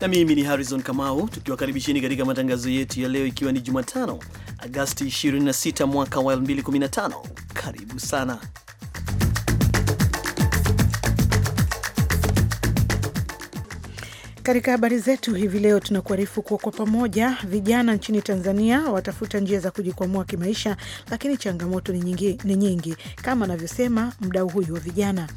na mimi ni Harrison Kamau, tukiwakaribisheni katika matangazo yetu ya leo, ikiwa ni Jumatano Agasti 26 mwaka wa 2015. Karibu sana. Katika habari zetu hivi leo tunakuarifu kuwa kwa pamoja vijana nchini Tanzania watafuta njia za kujikwamua kimaisha, lakini changamoto ni nyingi, ni nyingi kama anavyosema mdau huyu wa vijana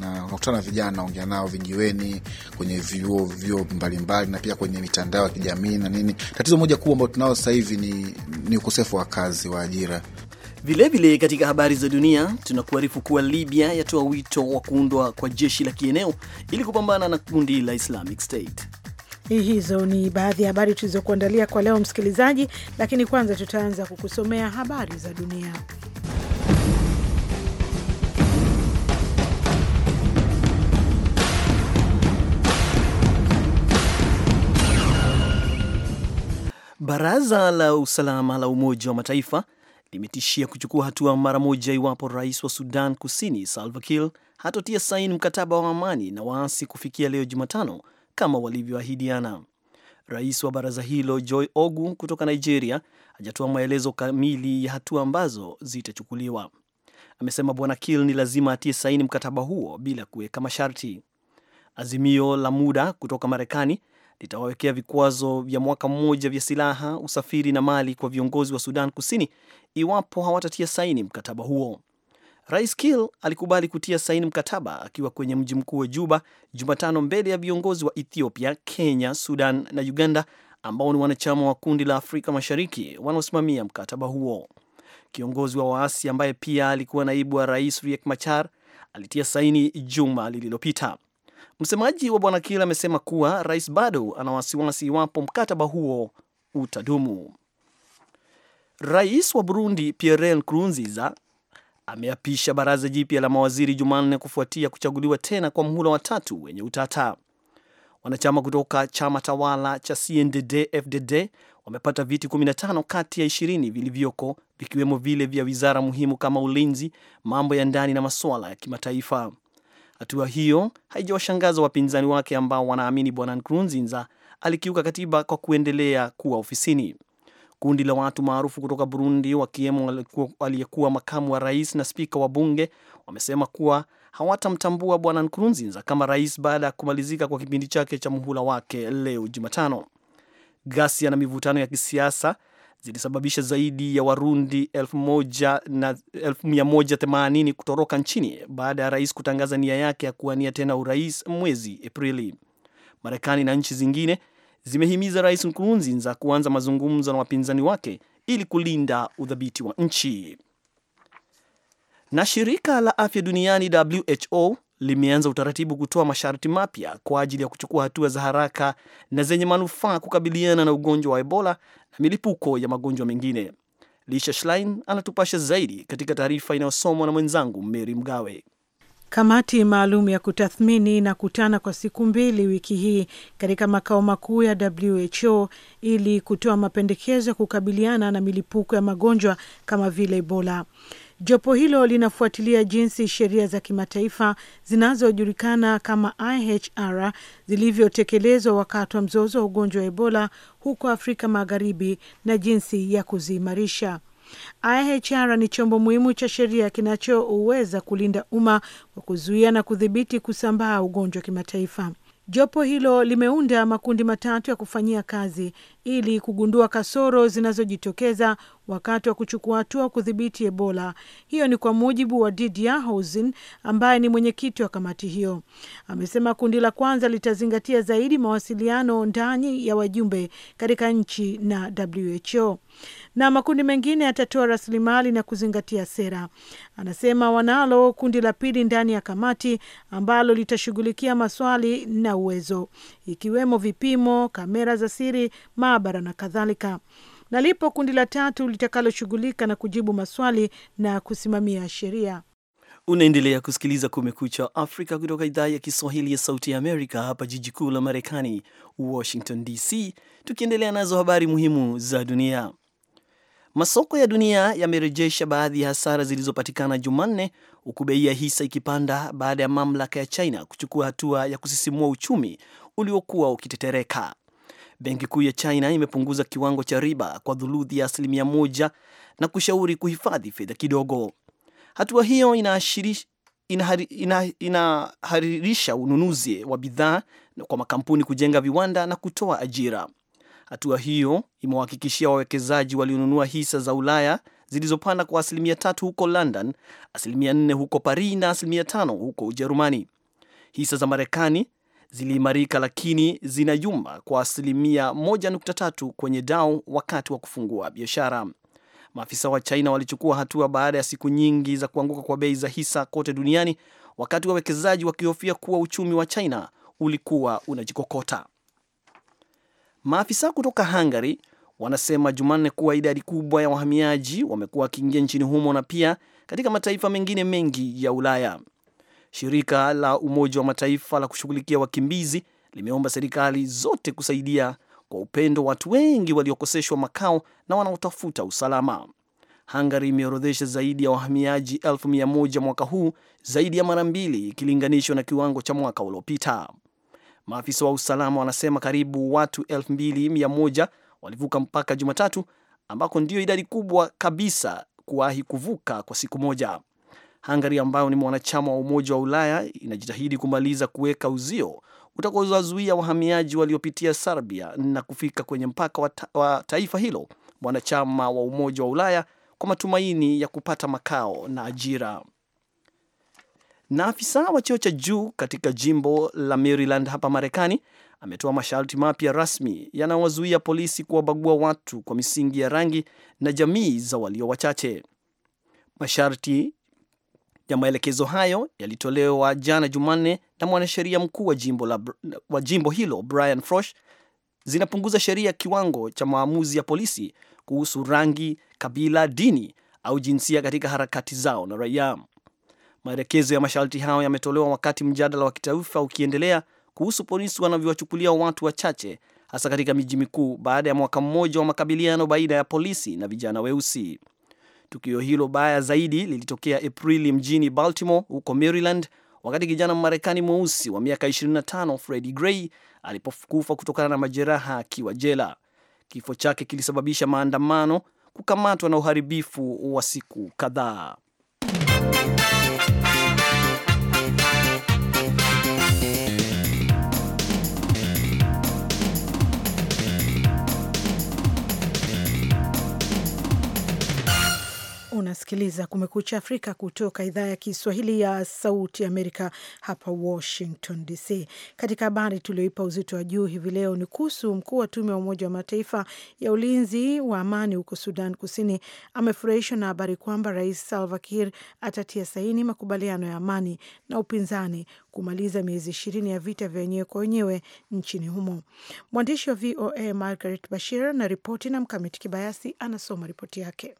na unakutana na vijana naongea nao vijiweni, kwenye vyuo vyuo mbalimbali, na pia kwenye mitandao ya kijamii na nini. Tatizo moja kubwa ambayo tunao sasa hivi ni, ni ukosefu wa kazi wa ajira. Vilevile vile katika habari za dunia tunakuarifu kuwa Libya yatoa wito wa kuundwa kwa jeshi la kieneo ili kupambana na kundi la Islamic State. Hizo ni baadhi ya habari tulizokuandalia kwa leo msikilizaji, lakini kwanza tutaanza kukusomea habari za dunia. Baraza la usalama la Umoja wa Mataifa limetishia kuchukua hatua mara moja iwapo rais wa Sudan Kusini Salva Kiir hatotia saini mkataba wa amani na waasi kufikia leo Jumatano kama walivyoahidiana. Rais wa baraza hilo Joy Ogu kutoka Nigeria hajatoa maelezo kamili ya hatua ambazo zitachukuliwa. Amesema Bwana Kiir ni lazima atie saini mkataba huo bila kuweka masharti. Azimio la muda kutoka Marekani litawawekea vikwazo vya mwaka mmoja vya silaha, usafiri na mali kwa viongozi wa Sudan Kusini iwapo hawatatia saini mkataba huo. Rais Kiir alikubali kutia saini mkataba akiwa kwenye mji mkuu wa Juba Jumatano mbele ya viongozi wa Ethiopia, Kenya, Sudan na Uganda ambao ni wanachama wa kundi la Afrika Mashariki wanaosimamia mkataba huo. Kiongozi wa waasi ambaye pia alikuwa naibu wa rais Riek Machar alitia saini juma lililopita. Msemaji wa bwana Kiir amesema kuwa rais bado ana wasiwasi iwapo mkataba huo utadumu. Rais wa Burundi Pierre Nkurunziza ameapisha baraza jipya la mawaziri Jumanne kufuatia kuchaguliwa tena kwa mhula wa tatu wenye utata. Wanachama kutoka chama tawala cha CNDD-FDD wamepata viti 15 kati ya 20 vilivyoko vikiwemo vile vya wizara muhimu kama ulinzi, mambo ya ndani na masuala ya kimataifa. Hatua hiyo haijawashangaza wapinzani wake ambao wanaamini bwana Nkurunziza alikiuka katiba kwa kuendelea kuwa ofisini. Kundi la watu maarufu kutoka Burundi, wakiwemo aliyekuwa makamu wa rais na spika wa bunge, wamesema kuwa hawatamtambua bwana Nkurunziza kama rais baada ya kumalizika kwa kipindi chake cha muhula wake leo Jumatano. Ghasia na mivutano ya kisiasa zilisababisha zaidi ya Warundi 1180 kutoroka nchini baada ya rais kutangaza nia yake ya kuwania tena urais mwezi Aprili. Marekani na nchi zingine zimehimiza Rais Nkurunziza kuanza mazungumzo na wapinzani wake ili kulinda udhabiti wa nchi. Na shirika la afya duniani WHO limeanza utaratibu kutoa masharti mapya kwa ajili ya kuchukua hatua za haraka na zenye manufaa kukabiliana na ugonjwa wa Ebola na milipuko ya magonjwa mengine. Lisha Schlein anatupasha zaidi katika taarifa inayosomwa na mwenzangu Mary Mgawe. Kamati maalum ya kutathmini inakutana kwa siku mbili wiki hii katika makao makuu ya WHO ili kutoa mapendekezo ya kukabiliana na milipuko ya magonjwa kama vile Ebola. Jopo hilo linafuatilia jinsi sheria za kimataifa zinazojulikana kama IHR zilivyotekelezwa wakati wa mzozo wa ugonjwa wa Ebola huko Afrika Magharibi na jinsi ya kuziimarisha. IHR ni chombo muhimu cha sheria kinachoweza kulinda umma kwa kuzuia na kudhibiti kusambaa ugonjwa kimataifa. Jopo hilo limeunda makundi matatu ya kufanyia kazi ili kugundua kasoro zinazojitokeza wakati wa kuchukua hatua kudhibiti Ebola. Hiyo ni kwa mujibu wa Didier Houssin ambaye ni mwenyekiti wa kamati hiyo. Amesema kundi la kwanza litazingatia zaidi mawasiliano ndani ya wajumbe katika nchi na WHO na makundi mengine yatatoa rasilimali na kuzingatia sera. Anasema wanalo kundi la pili ndani ya kamati ambalo litashughulikia maswali na uwezo, ikiwemo vipimo, kamera za siri, maabara maabara na kadhalika na lipo kundi la tatu litakaloshughulika na kujibu maswali na kusimamia sheria. Unaendelea kusikiliza Kumekucha Afrika kutoka idhaa ya Kiswahili ya Sauti ya Amerika, hapa jiji kuu la Marekani, Washington DC, tukiendelea nazo habari muhimu za dunia. Masoko ya dunia yamerejesha baadhi ya hasara zilizopatikana Jumanne, huku bei ya hisa ikipanda baada ya mamlaka ya China kuchukua hatua ya kusisimua uchumi uliokuwa ukitetereka. Benki Kuu ya China imepunguza kiwango cha riba kwa dhuluthi ya asilimia moja na kushauri kuhifadhi fedha kidogo. Hatua hiyo inaharirisha ununuzi wa bidhaa kwa makampuni kujenga viwanda na kutoa ajira. Hatua hiyo imewahakikishia wawekezaji walionunua hisa za Ulaya zilizopanda kwa asilimia tatu huko London, asilimia nne huko Paris na asilimia tano huko Ujerumani. Hisa za Marekani ziliimarika lakini zinayumba kwa asilimia 1.3 kwenye Dow wakati wa kufungua biashara. Maafisa wa China walichukua hatua baada ya siku nyingi za kuanguka kwa bei za hisa kote duniani, wakati wawekezaji wakihofia kuwa uchumi wa China ulikuwa unajikokota. Maafisa kutoka Hungary wanasema Jumanne kuwa idadi kubwa ya wahamiaji wamekuwa wakiingia nchini humo na pia katika mataifa mengine mengi ya Ulaya. Shirika la Umoja wa Mataifa la kushughulikia wakimbizi limeomba serikali zote kusaidia kwa upendo watu wengi waliokoseshwa makao na wanaotafuta usalama. Hungary imeorodhesha zaidi ya wahamiaji elfu mia moja mwaka huu, zaidi ya mara mbili ikilinganishwa na kiwango cha mwaka uliopita. Maafisa wa usalama wanasema karibu watu elfu mbili mia moja walivuka mpaka Jumatatu, ambako ndiyo idadi kubwa kabisa kuwahi kuvuka kwa siku moja. Hungary ambayo ni mwanachama wa Umoja wa Ulaya inajitahidi kumaliza kuweka uzio utakaowazuia wahamiaji waliopitia Serbia na kufika kwenye mpaka wa, ta wa taifa hilo mwanachama wa Umoja wa Ulaya kwa matumaini ya kupata makao na ajira. Na afisa wa cheo cha juu katika jimbo la Maryland hapa Marekani ametoa masharti mapya rasmi yanayowazuia polisi kuwabagua watu kwa misingi ya rangi na jamii za walio wachache. Masharti ya maelekezo hayo yalitolewa jana Jumanne na mwanasheria mkuu wa jimbo, la, wa jimbo hilo Brian Frosh zinapunguza sheria kiwango cha maamuzi ya polisi kuhusu rangi, kabila, dini au jinsia katika harakati zao na raia. Maelekezo ya masharti hayo yametolewa wakati mjadala wa kitaifa ukiendelea kuhusu polisi wanavyowachukulia watu wachache hasa katika miji mikuu baada ya mwaka mmoja wa makabiliano baina ya polisi na vijana weusi. Tukio hilo baya zaidi lilitokea Aprili mjini Baltimore huko Maryland, wakati kijana Mmarekani mweusi wa miaka 25 Freddie Gray alipokufa kutokana na majeraha akiwa jela. Kifo chake kilisababisha maandamano, kukamatwa na uharibifu wa siku kadhaa. Unasikiliza Kumekucha Afrika kutoka idhaa ya Kiswahili ya Sauti Amerika, hapa Washington DC. Katika habari tulioipa uzito wa juu hivi leo ni kuhusu mkuu wa tume ya Umoja wa Mataifa ya ulinzi wa amani huko Sudan Kusini amefurahishwa na habari kwamba Rais Salva Kiir atatia saini makubaliano ya amani na upinzani kumaliza miezi ishirini ya vita vya wenyewe kwa wenyewe nchini humo. Mwandishi wa VOA Margaret Bashir anaripoti na Mkamiti Kibayasi anasoma ripoti yake.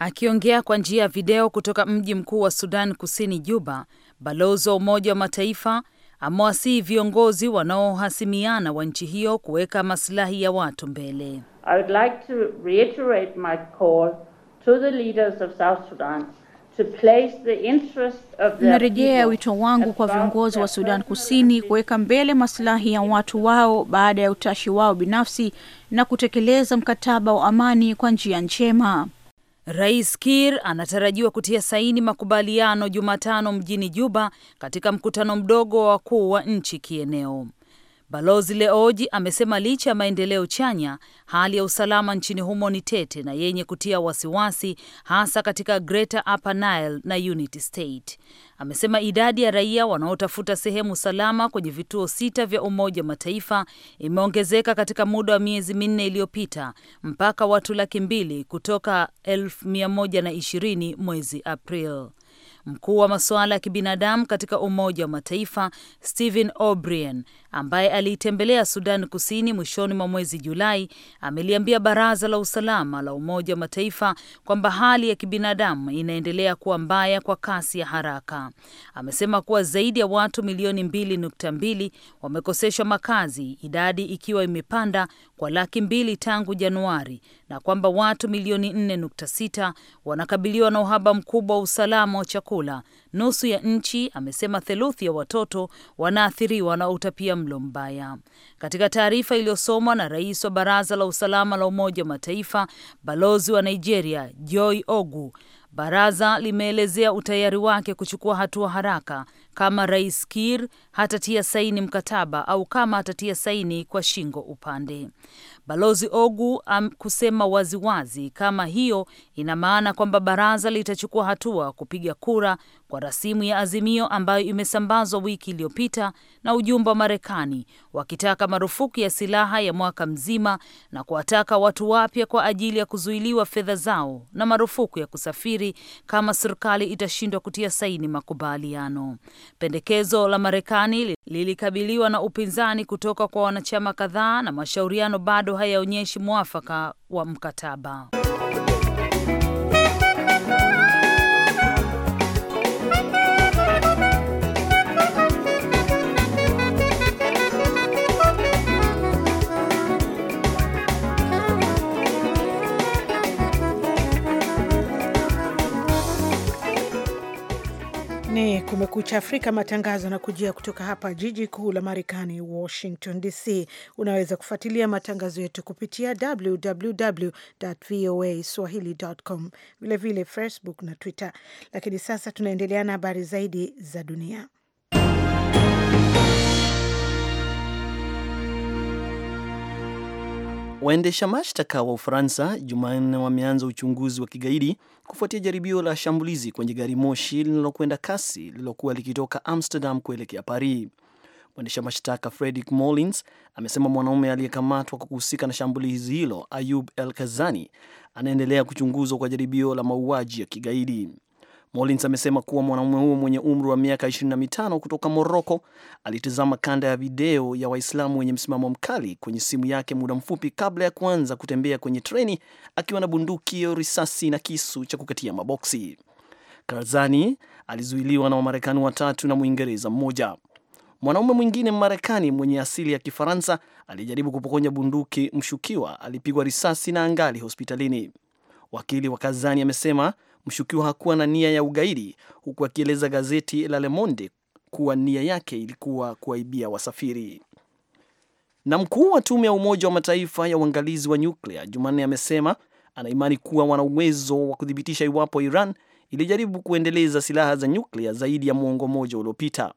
Akiongea kwa njia ya video kutoka mji mkuu wa Sudan Kusini, Juba, balozi wa Umoja wa Mataifa amewasihi viongozi wanaohasimiana wa nchi hiyo kuweka masilahi ya watu mbele. I would like to reiterate my call to the leaders of South Sudan. Narejea wito wangu kwa viongozi wa Sudan Kusini kuweka mbele masilahi ya watu wao baada ya utashi wao binafsi na kutekeleza mkataba wa amani kwa njia njema. Rais kir anatarajiwa kutia saini makubaliano Jumatano mjini Juba katika mkutano mdogo wa wakuu wa nchi kieneo. Balozi Leoji amesema licha ya maendeleo chanya, hali ya usalama nchini humo ni tete na yenye kutia wasiwasi, hasa katika Greater Upper Nile na Unity State. Amesema idadi ya raia wanaotafuta sehemu salama kwenye vituo sita vya Umoja wa Mataifa imeongezeka katika muda wa miezi minne iliyopita mpaka watu laki mbili kutoka elfu mia moja na ishirini mwezi April. Mkuu wa masuala ya kibinadamu katika Umoja wa Mataifa Stephen O'Brien, ambaye aliitembelea Sudan Kusini mwishoni mwa mwezi Julai, ameliambia Baraza la Usalama la Umoja wa Mataifa kwamba hali ya kibinadamu inaendelea kuwa mbaya kwa kasi ya haraka. Amesema kuwa zaidi ya watu milioni 2.2 wamekoseshwa makazi, idadi ikiwa imepanda kwa laki mbili tangu Januari, na kwamba watu milioni 4.6 wanakabiliwa na uhaba mkubwa wa usalama wa chakula chakula, nusu ya nchi amesema theluthi ya watoto wanaathiriwa na utapia mlo mbaya. Katika taarifa iliyosomwa na rais wa Baraza la Usalama la Umoja wa Mataifa, balozi wa Nigeria Joy Ogu, baraza limeelezea utayari wake kuchukua hatua haraka kama Rais kir hatatia saini mkataba au kama atatia saini kwa shingo upande. Balozi Ogu kusema waziwazi kama hiyo ina maana kwamba baraza litachukua hatua kupiga kura kwa rasimu ya azimio ambayo imesambazwa wiki iliyopita na ujumbe wa Marekani wakitaka marufuku ya silaha ya mwaka mzima na kuwataka watu wapya kwa ajili ya kuzuiliwa fedha zao na marufuku ya kusafiri kama serikali itashindwa kutia saini makubaliano. Pendekezo la Marekani lilikabiliwa na upinzani kutoka kwa wanachama kadhaa na mashauriano bado hayaonyeshi mwafaka wa mkataba. ni Kumekucha Afrika. Matangazo na kujia kutoka hapa jiji kuu la Marekani, Washington DC. Unaweza kufuatilia matangazo yetu kupitia www voa swahili.com, vilevile Facebook na Twitter. Lakini sasa tunaendelea na habari zaidi za dunia. Waendesha mashtaka wa Ufaransa Jumanne wameanza uchunguzi wa kigaidi kufuatia jaribio la shambulizi kwenye gari moshi linalokwenda kasi lililokuwa likitoka Amsterdam kuelekea Paris. Mwendesha mashtaka Fredrik mollins amesema mwanaume aliyekamatwa kwa kuhusika na shambulizi hilo Ayub El Kazani anaendelea kuchunguzwa kwa jaribio la mauaji ya kigaidi. Molins amesema kuwa mwanaume huo mwenye umri wa miaka 25 kutoka Moroko alitazama kanda ya video ya Waislamu wenye msimamo mkali kwenye simu yake muda mfupi kabla ya kuanza kutembea kwenye treni akiwa na bunduki, risasi na kisu cha kukatia maboksi. Karzani alizuiliwa na Wamarekani watatu na Mwingereza mmoja. Mwanaume mwingine Mmarekani mwenye asili ya Kifaransa alijaribu kupokonya bunduki mshukiwa, alipigwa risasi na angali hospitalini. Wakili wa Kazani amesema mshukiwa hakuwa na nia ya ugaidi, huku akieleza gazeti la Le Monde kuwa nia yake ilikuwa kuwaibia wasafiri. Na mkuu wa tume ya Umoja wa Mataifa ya uangalizi wa nyuklia Jumanne amesema anaimani kuwa wana uwezo wa kuthibitisha iwapo Iran ilijaribu kuendeleza silaha za nyuklia zaidi ya mwongo mmoja uliopita.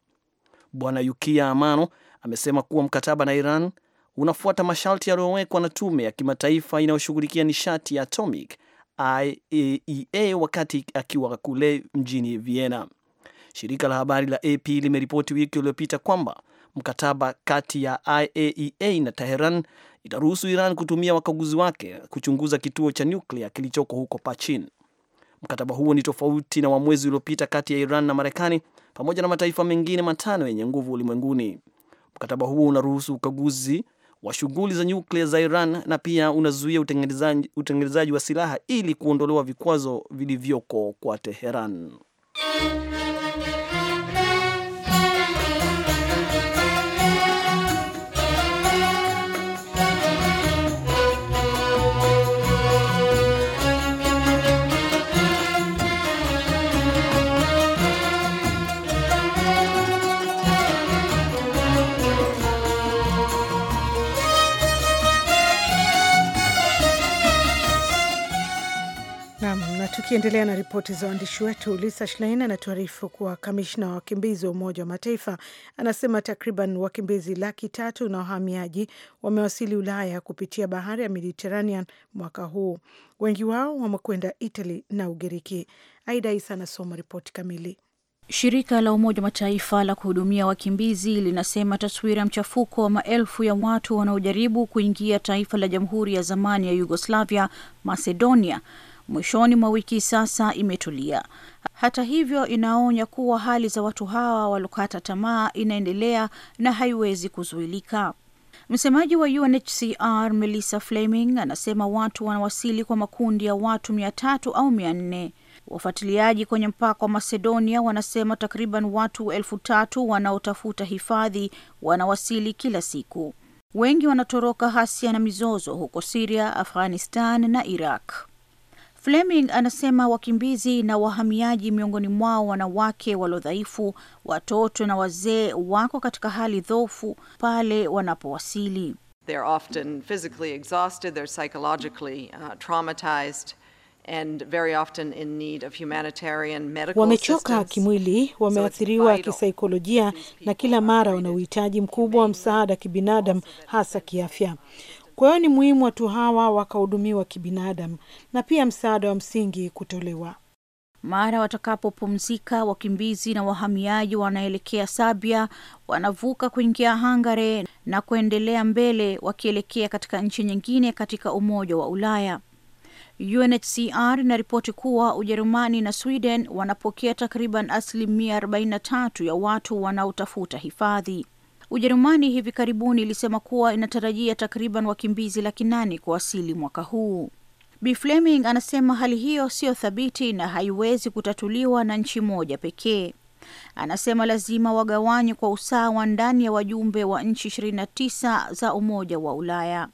Bwana Yukia Amano amesema kuwa mkataba na Iran unafuata masharti yaliyowekwa na tume ya kimataifa inayoshughulikia nishati ya atomic IAEA e wakati akiwa kule mjini Vienna. Shirika la habari la AP limeripoti wiki iliyopita kwamba mkataba kati ya IAEA e na Teheran itaruhusu Iran kutumia wakaguzi wake kuchunguza kituo cha nyuklia kilichoko huko Pachin. Mkataba huo ni tofauti na wa mwezi uliopita kati ya Iran na Marekani pamoja na mataifa mengine matano yenye nguvu ulimwenguni. Mkataba huo unaruhusu ukaguzi wa shughuli za nyuklia za Iran na pia unazuia utengenezaji wa silaha ili kuondolewa vikwazo vilivyoko kwa Teheran. Tukiendelea na ripoti za waandishi wetu, Lisa Schlein anatuarifu kuwa kamishna wa wakimbizi wa Umoja wa Mataifa anasema takriban wakimbizi laki tatu na wahamiaji wamewasili Ulaya kupitia bahari ya Mediterranean mwaka huu. Wengi wao wamekwenda Italy na Ugiriki. Aida Isa anasoma ripoti kamili. Shirika la Umoja wa Mataifa la kuhudumia wakimbizi linasema taswira ya mchafuko wa maelfu ya watu wanaojaribu kuingia taifa la jamhuri ya zamani ya Yugoslavia, Macedonia mwishoni mwa wiki sasa imetulia. Hata hivyo, inaonya kuwa hali za watu hawa waliokata tamaa inaendelea na haiwezi kuzuilika. Msemaji wa UNHCR Melissa Fleming anasema watu wanawasili kwa makundi ya watu mia tatu au mia nne. Wafuatiliaji kwenye mpaka wa Macedonia wanasema takriban watu elfu tatu wanaotafuta hifadhi wanawasili kila siku. Wengi wanatoroka hasia na mizozo huko Siria, Afghanistan na Iraq. Fleming anasema wakimbizi na wahamiaji, miongoni mwao wanawake waliodhaifu, watoto na wazee, wako katika hali dhofu pale wanapowasili. They're often physically exhausted, they're psychologically uh, traumatized and very often in need of humanitarian medical wamechoka kimwili, wameathiriwa kisaikolojia, na kila mara wana uhitaji mkubwa wa msaada kibinadamu, hasa kiafya. Kwa hiyo ni muhimu watu hawa wakahudumiwa kibinadamu na pia msaada wa msingi kutolewa. Mara watakapopumzika, wakimbizi na wahamiaji wanaelekea Sabia, wanavuka kuingia Hungary na kuendelea mbele wakielekea katika nchi nyingine katika Umoja wa Ulaya. UNHCR inaripoti kuwa Ujerumani na Sweden wanapokea takriban asilimia 43 ya watu wanaotafuta hifadhi. Ujerumani hivi karibuni ilisema kuwa inatarajia takriban wakimbizi laki nane kuwasili mwaka huu. Bi Fleming anasema hali hiyo siyo thabiti na haiwezi kutatuliwa na nchi moja pekee. Anasema lazima wagawanywe kwa usawa ndani ya wajumbe wa nchi 29 za Umoja wa Ulaya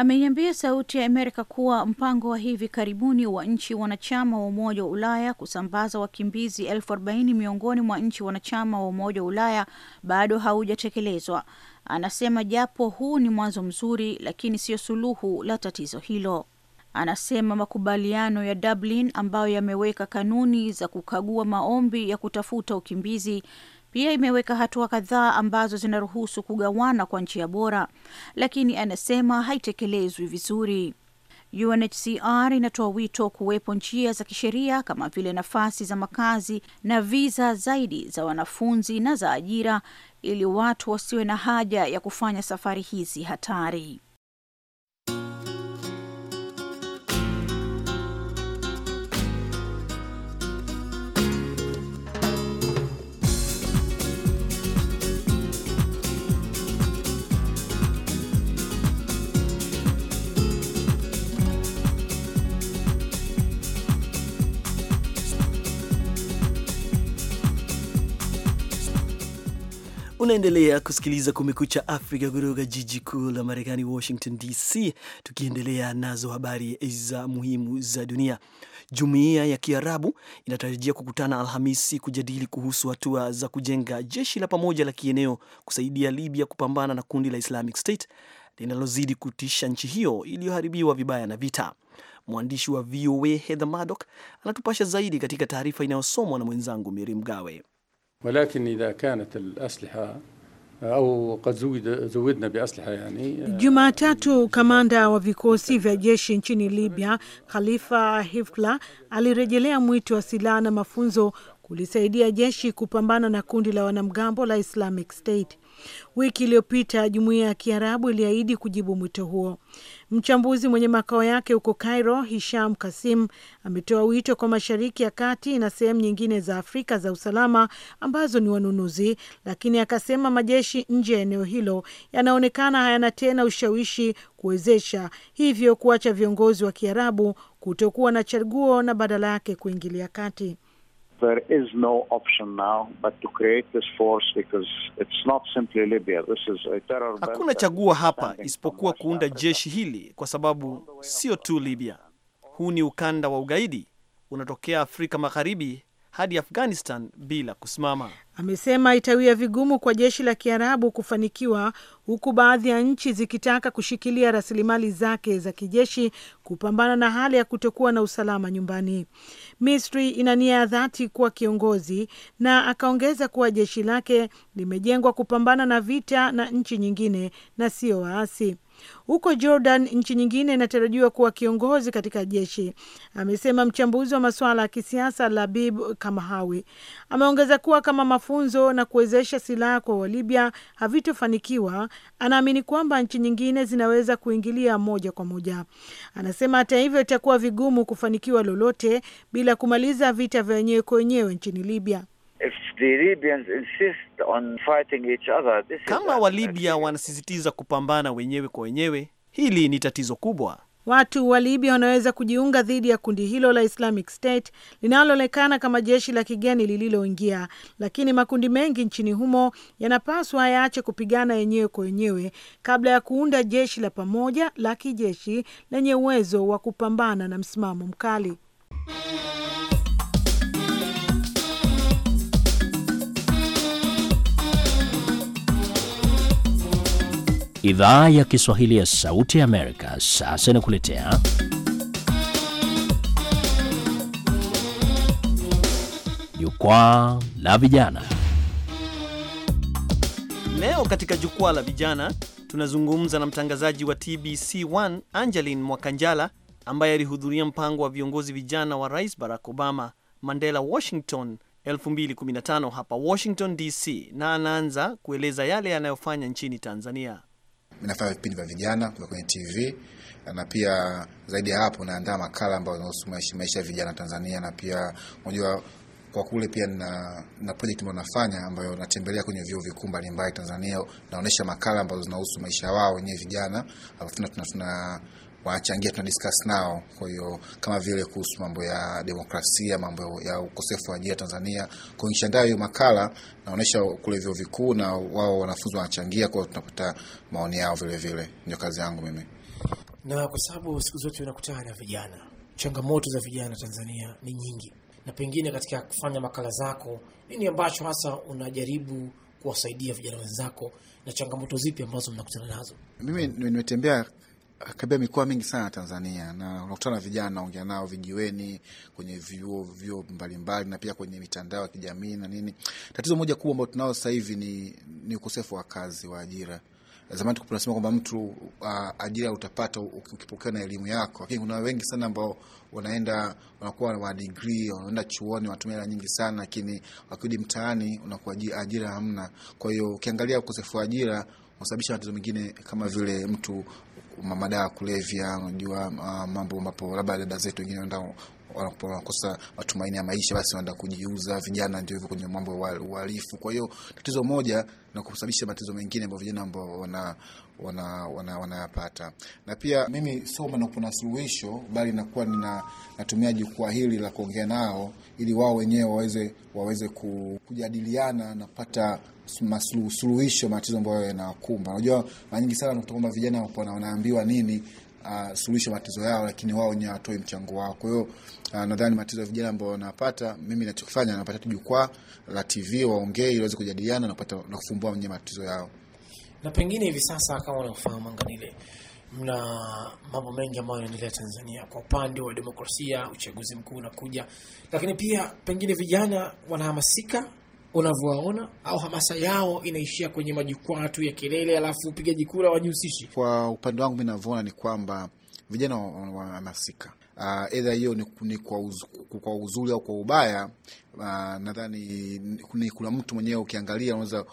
ameiambia Sauti ya Amerika kuwa mpango wa hivi karibuni wa nchi wanachama wa Umoja wa Ulaya kusambaza wakimbizi elfu arobaini miongoni mwa nchi wanachama wa Umoja wa Ulaya bado haujatekelezwa. Anasema japo huu ni mwanzo mzuri, lakini sio suluhu la tatizo hilo. Anasema makubaliano ya Dublin ambayo yameweka kanuni za kukagua maombi ya kutafuta ukimbizi pia imeweka hatua kadhaa ambazo zinaruhusu kugawana kwa njia bora, lakini anasema haitekelezwi vizuri. UNHCR inatoa wito kuwepo njia za kisheria kama vile nafasi za makazi na viza zaidi za wanafunzi na za ajira ili watu wasiwe na haja ya kufanya safari hizi hatari. Unaendelea kusikiliza Kumekucha Afrika kutoka jiji kuu la Marekani, Washington DC, tukiendelea nazo habari za muhimu za dunia. Jumuiya ya Kiarabu inatarajia kukutana Alhamisi kujadili kuhusu hatua za kujenga jeshi la pamoja la kieneo kusaidia Libya kupambana na kundi la Islamic State linalozidi kutisha nchi hiyo iliyoharibiwa vibaya na vita. Mwandishi wa VOA Heather Maddock anatupasha zaidi katika taarifa inayosomwa na mwenzangu Miri Mgawe. ولكن إذا كانت الأسلحة au zuwidna bi yani. Jumatatu, kamanda wa vikosi vya jeshi nchini Libya Khalifa Hifla alirejelea mwito wa silaha na mafunzo kulisaidia jeshi kupambana na kundi la wanamgambo la Islamic State. Wiki iliyopita jumuiya ya Kiarabu iliahidi kujibu mwito huo. Mchambuzi mwenye makao yake huko Cairo, Hisham Kasim, ametoa wito kwa Mashariki ya Kati na sehemu nyingine za Afrika za usalama ambazo ni wanunuzi, lakini akasema majeshi nje ya eneo hilo yanaonekana hayana tena ushawishi kuwezesha, hivyo kuacha viongozi wa Kiarabu kutokuwa na chaguo na badala yake kuingilia kati there is no option now but to create this force because it's not simply Libya. This is a terror. Hakuna chaguo hapa isipokuwa kuunda jeshi hili kwa sababu sio tu Libya. Huu ni ukanda wa ugaidi unatokea Afrika Magharibi hadi Afghanistan bila kusimama. Amesema itawia vigumu kwa jeshi la Kiarabu kufanikiwa huku baadhi ya nchi zikitaka kushikilia rasilimali zake za kijeshi kupambana na hali ya kutokuwa na usalama nyumbani. Misri ina nia ya dhati kuwa kiongozi, na akaongeza kuwa jeshi lake limejengwa kupambana na vita na nchi nyingine na sio waasi. Huko Jordan, nchi nyingine inatarajiwa kuwa kiongozi katika jeshi, amesema mchambuzi wa masuala ya kisiasa Labib kamahawi Ameongeza kuwa kama mafunzo na kuwezesha silaha kwa Walibya havitofanikiwa, anaamini kwamba nchi nyingine zinaweza kuingilia moja kwa moja. Anasema hata hivyo, itakuwa vigumu kufanikiwa lolote bila kumaliza vita vya wenyewe kwa wenyewe nchini Libya kama Walibya wanasisitiza kupambana wenyewe kwa wenyewe, hili ni tatizo kubwa. Watu wa Libya wanaweza kujiunga dhidi ya kundi hilo la Islamic State linaloonekana kama jeshi la kigeni lililoingia, lakini makundi mengi nchini humo yanapaswa yaache kupigana yenyewe kwa wenyewe kabla ya kuunda jeshi la pamoja la kijeshi lenye uwezo wa kupambana na msimamo mkali. Idhaa ya Kiswahili ya Sauti ya Amerika sasa inakuletea Jukwaa la Vijana. Leo katika Jukwaa la Vijana tunazungumza na mtangazaji wa TBC1 Angeline Mwakanjala ambaye alihudhuria mpango wa viongozi vijana wa Rais Barack Obama Mandela Washington 2015 hapa Washington DC, na anaanza kueleza yale yanayofanya nchini Tanzania nafanya vipindi vya vijana kwa kwenye TV na pia zaidi ya hapo naandaa makala ambayo yanahusu maisha ya vijana Tanzania, na pia unajua kwa kule pia na, na project ambayo nafanya ambayo natembelea kwenye vyuo vikuu mbalimbali Tanzania, naonesha makala ambazo zinahusu maisha wao wenyewe vijana, alafu tuna wanachangia, discuss nao. Kwa hiyo kama vile kuhusu mambo ya demokrasia, mambo ya ukosefu wa ajira Tanzania. Kwa hiyo nishandaa hiyo makala, naonesha kule vyuo vikuu na wao wanafunzi wanachangia, kwa hiyo tunapata maoni yao vile vile. Ndio kazi yangu mimi, na kwa sababu siku zote unakutana na vijana, changamoto za vijana Tanzania ni nyingi, na pengine katika kufanya makala zako, nini ambacho hasa unajaribu kuwasaidia vijana wenzako na changamoto zipi ambazo mnakutana nazo? Mimi nimetembea karibia mikoa mingi sana ya Tanzania, na unakutana na vijana, naongea nao vijiweni, kwenye vyuo vyuo mbalimbali, na pia kwenye mitandao ya kijamii na nini. Tatizo moja kubwa ambayo tunao sasa hivi ni, ni ukosefu wa kazi wa ajira. Zamani tulikuwa tunasema kwamba mtu uh, ajira utapata ukipokewa na elimu yako, lakini kuna wengi sana ambao wanaenda wanakuwa wa degree wanaenda chuoni wanatumia hela nyingi sana, lakini wakirudi mtaani unakuwa ajira hamna. Kwa hiyo ukiangalia ukosefu wa ajira unasababisha matatizo mengine kama vile mtu madawa ya kulevya, unajua ah, mambo ambapo labda dada zetu wengine wanaenda wanakosa matumaini ya maisha, basi wanaenda kujiuza. Vijana ndio hivyo kwenye mambo ya uhalifu. Kwa hiyo tatizo moja na kusababisha matatizo mengine ambayo vijana ambao wana wanayapata wana, wana na pia mimi soma na kuna suluhisho, bali nakuwa nina natumia jukwaa hili la kuongea nao ili wao wenyewe waweze waweze kujadiliana na kupata masuluhisho matatizo ambayo yanawakumba. Unajua mara nyingi sana nakuta kwamba vijana wanaambiwa nini uh, suluhisha matatizo yao, lakini wao wenyewe watoe mchango wao. Kwa hiyo uh, nadhani matatizo ya vijana ambao wanapata, mimi nachokifanya napata jukwaa la TV waongee, ili waweze kujadiliana na kupata na kufumbua wenyewe matatizo yao. Na pengine hivi sasa kama unavyofahamu Manganile, mna mambo mengi ambayo yanaendelea Tanzania kwa upande wa demokrasia, uchaguzi mkuu unakuja, lakini pia pengine vijana wanahamasika unavyowaona au hamasa yao inaishia kwenye majukwaa tu ya kelele, alafu upigaji kura wajihusishi? Kwa upande wangu mi navyoona ni kwamba vijana wamehamasika uh, edha, hiyo ni, ni kwa, uz, kwa uzuri au kwa ubaya. Uh, nadhani ni kuna mtu mwenyewe ukiangalia unaweza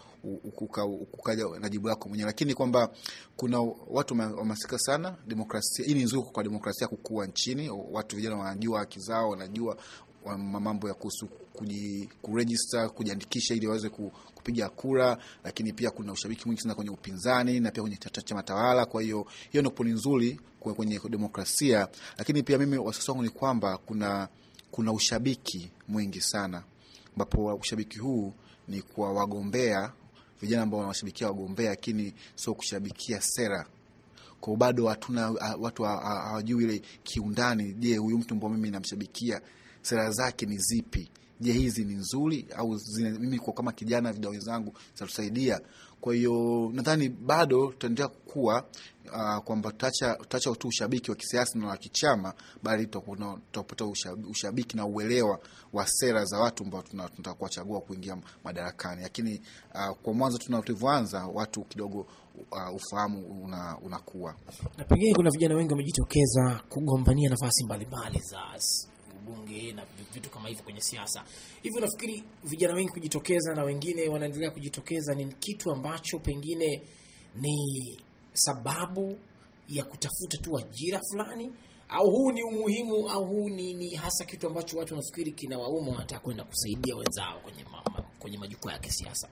ukaja na jibu lako mwenyewe, lakini kwamba kuna watu wamehamasika sana. Demokrasia hii ni nzuri kwa demokrasia kukua nchini, watu vijana wanajua haki zao, wanajua mambo ya kuhusu kurejista, kujiandikisha ili waweze kupiga kura, lakini pia kuna ushabiki mwingi sana kwenye upinzani na pia kwenye chama tawala. Kwa hiyo hiyo ndio poli nzuri kwenye demokrasia, lakini pia mimi wasiwasi wangu ni kwamba kuna, kuna ushabiki mwingi sana ambapo ushabiki huu ni kwa wagombea vijana ambao wanawashabikia wagombea, lakini sio kushabikia sera kwa bado hatuna watu hawajui ile kiundani. Je, huyu mtu ambao mimi namshabikia sera zake ni zipi? Je, hizi ni nzuri au zine, mimi kwa kama kijana vijana wenzangu zitatusaidia? Kwa hiyo nadhani bado tutaendelea kukua uh, kwamba tutaacha tu ushabiki wa kisiasa na wa kichama, bali tutapata ushabiki na uelewa wa sera za watu ambao tunataka kuwachagua kuingia madarakani. Lakini uh, kwa mwanzo tulivyoanza watu kidogo uh, ufahamu una, unakuwa na pengine kuna vijana wengi wamejitokeza kugombania nafasi mbalimbali za bunge na vitu kama hivyo kwenye siasa. Hivyo nafikiri vijana wengi kujitokeza na wengine wanaendelea kujitokeza ni kitu ambacho pengine ni sababu ya kutafuta tu ajira fulani, au huu ni umuhimu, au huu ni, ni hasa kitu ambacho watu wanafikiri kinawauma, hata kwenda kusaidia wenzao kwenye, kwenye majukwaa ya kisiasa.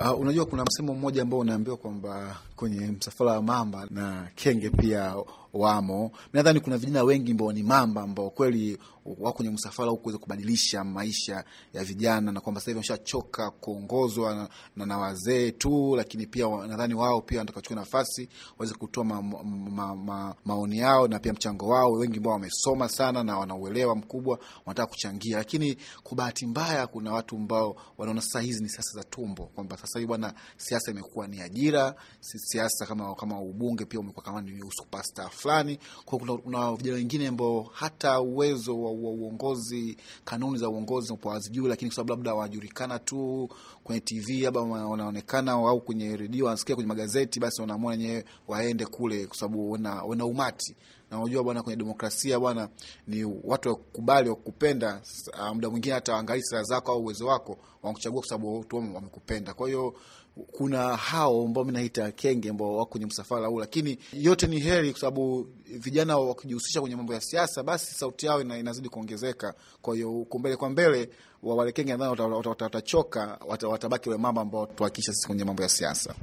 Uh, unajua kuna msemo mmoja ambao unaambiwa kwamba kwenye msafara wa mamba na kenge pia wamo. Mi Nadhani kuna vijana wengi ambao ni mamba ambao kweli wako kwenye msafara huu kuweza kubadilisha maisha ya vijana, na kwamba sasa hivi wameshachoka kuongozwa na, na, na wazee tu, lakini pia nadhani wao pia wanataka kuchukua nafasi waweze kutoa ma, ma, ma, ma, maoni yao na pia mchango wao. Wengi ambao wamesoma sana na wanauelewa mkubwa wanataka kuchangia, lakini kwa bahati mbaya kuna watu ambao wanaona sasa hizi ni siasa za tumbo, kwamba sasa hivi bwana, siasa imekuwa ni ajira, siasa kama kama ubunge pia umekuwa kama ni superstar fulani. Kwa kuna vijana wengine ambao hata uwezo wa uongozi, kanuni za uongozi hazijui, lakini kwa sababu labda wajulikana tu kwenye TV labda wanaonekana au kwenye redio, wanasikia kwenye magazeti, basi wanaamua wenyewe waende kule, kwa sababu wana umati na unajua bwana, kwenye demokrasia bwana, ni watu wakubali wakupenda. Muda mwingine hata waangalii sera zako au uwezo wako, wanakuchagua kwa sababu wamekupenda. Kwa hiyo kuna hao ambao mi naita kenge ambao wako kwenye msafara huu, lakini yote ni heri, kwa sababu vijana wakijihusisha kwenye mambo ya siasa, basi sauti yao ina, inazidi kuongezeka. Kwa hiyo mbele kwa mbele wale kenge nadhani watachoka, watabaki wale mama ambao tuwakilisha sisi kwenye mambo ya siasa.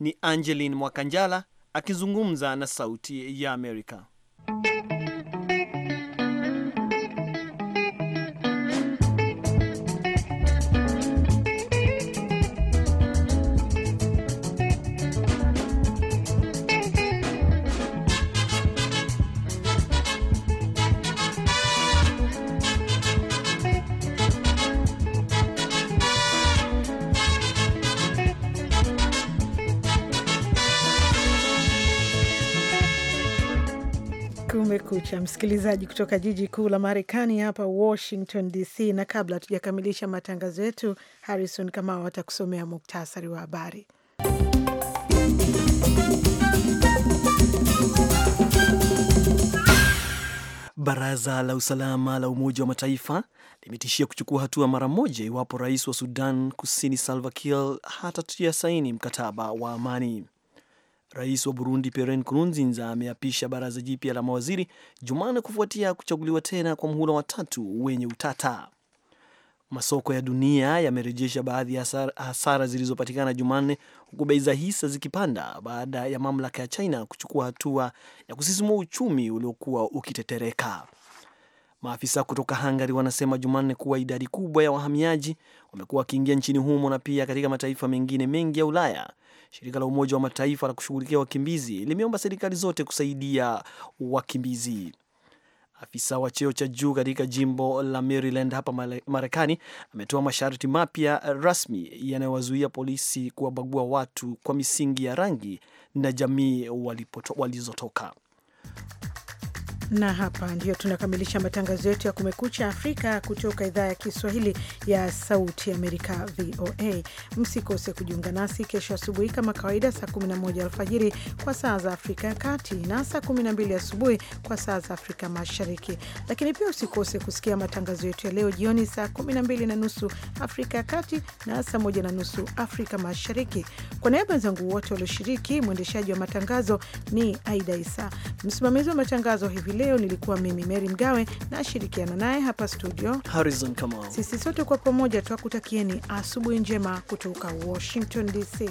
Ni Angeline Mwakanjala akizungumza na Sauti ya Amerika. Kumekucha msikilizaji, kutoka jiji kuu la Marekani hapa Washington DC, na kabla hatujakamilisha matangazo yetu, Harrison Kamau atakusomea muktasari wa habari. Baraza la usalama la Umoja wa Mataifa limetishia kuchukua hatua mara moja iwapo rais wa Sudan Kusini Salva Kiir hatatia saini mkataba wa amani. Rais wa Burundi Pierre Nkurunziza ameapisha baraza jipya la mawaziri Jumanne kufuatia kuchaguliwa tena kwa mhula wa tatu wenye utata. Masoko ya dunia yamerejesha baadhi ya hasara zilizopatikana Jumanne, huku bei za hisa zikipanda baada ya mamlaka ya China kuchukua hatua ya kusisimua uchumi uliokuwa ukitetereka. Maafisa kutoka Hungary wanasema Jumanne kuwa idadi kubwa ya wahamiaji wamekuwa wakiingia nchini humo na pia katika mataifa mengine mengi ya Ulaya Shirika la Umoja wa Mataifa la kushughulikia wakimbizi limeomba serikali zote kusaidia wakimbizi. Afisa wa cheo cha juu katika jimbo la Maryland hapa Marekani ametoa masharti mapya rasmi yanayowazuia polisi kuwabagua watu kwa misingi ya rangi na jamii walizotoka na hapa ndio tunakamilisha matangazo yetu ya Kumekucha Afrika kutoka idhaa ya Kiswahili ya Sauti Amerika, VOA. Msikose kujiunga nasi kesho asubuhi kama kawaida, saa 11 alfajiri kwa saa za Afrika ya Kati na saa 12 asubuhi kwa saa za Afrika Mashariki. Lakini pia usikose kusikia matangazo yetu ya leo jioni saa 12 na nusu Afrika ya Kati na saa 1 na nusu Afrika Mashariki. Kwa niaba wenzangu wote walioshiriki, mwendeshaji wa matangazo ni Aida Isa, msimamizi wa matangazo hivi leo nilikuwa mimi Meri Mgawe na ashirikiana naye hapa studio Harrison Kamau. Sisi sote kwa pamoja twakutakieni asubuhi njema kutoka Washington DC.